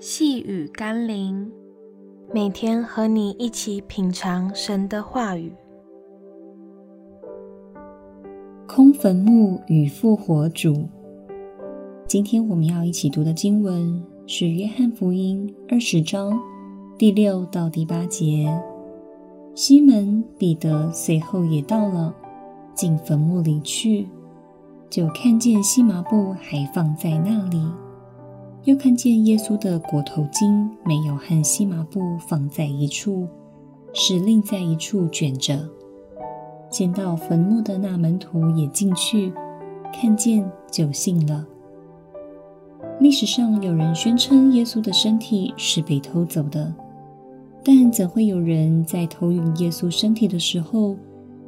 細語甘霖，每天和你一起品嘗神的話語。空墳墓與復活主。今天我們要一起讀的經文是《約翰福音》二十章第六到第八節。西門、彼得隨後也到了，進墳墓裡去，就看見細麻布還放在那裡。又看見耶穌的裹頭巾沒有和細麻布放在一處，是另在一處捲着。見到墳墓的那門徒也進去，看見就信了。歷史上有人宣稱耶穌的身體是被偷走的，但怎會有人在偷運耶穌身體的時候，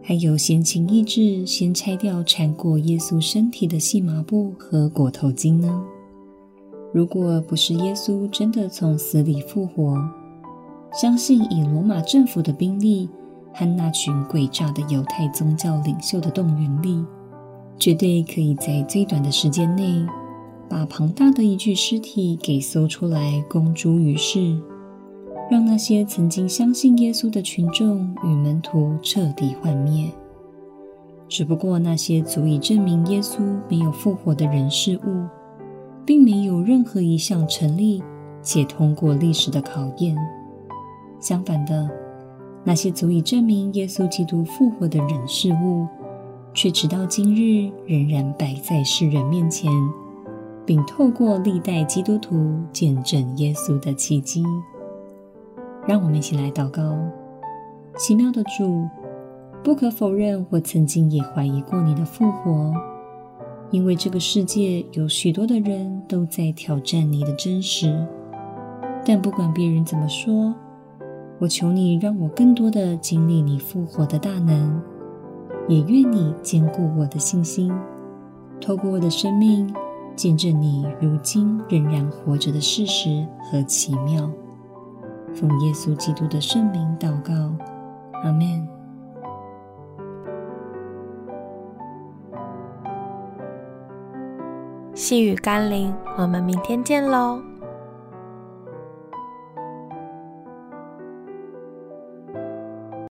還有閒情逸致先拆掉纏裹耶穌身體的細麻布和裹頭巾呢？如果不是耶穌真的從死裡復活，相信以羅馬政府的兵力和那群詭詐的猶太宗教領袖的動員力，絕對可以在最短的時間內，把龐大的一具屍體給搜出來公諸於世，讓那些曾經相信耶穌的群眾與門徒徹底幻滅。只不過那些足以證明耶穌沒有復活的人事物。並沒有任何一項成立且通過歷史的考驗。相反的，那些足以證明耶穌基督復活的人事物，却直到今日仍然擺在世人面前，並透過歷代基督徒見證耶穌的奇蹟。讓我們一起來禱告：奇妙的主，不可否認，我曾經也懷疑過你的復活。因為這個世界有許多的人都在挑戰你的真實，但不管別人怎麼說，我求你讓我更多的經歷你復活的大能，也願你堅固我的信心，透過我的生命見證你如今仍然活着的事實和奇妙。奉耶穌基督的聖名禱告，阿門。細語甘霖，我們明天見嘍。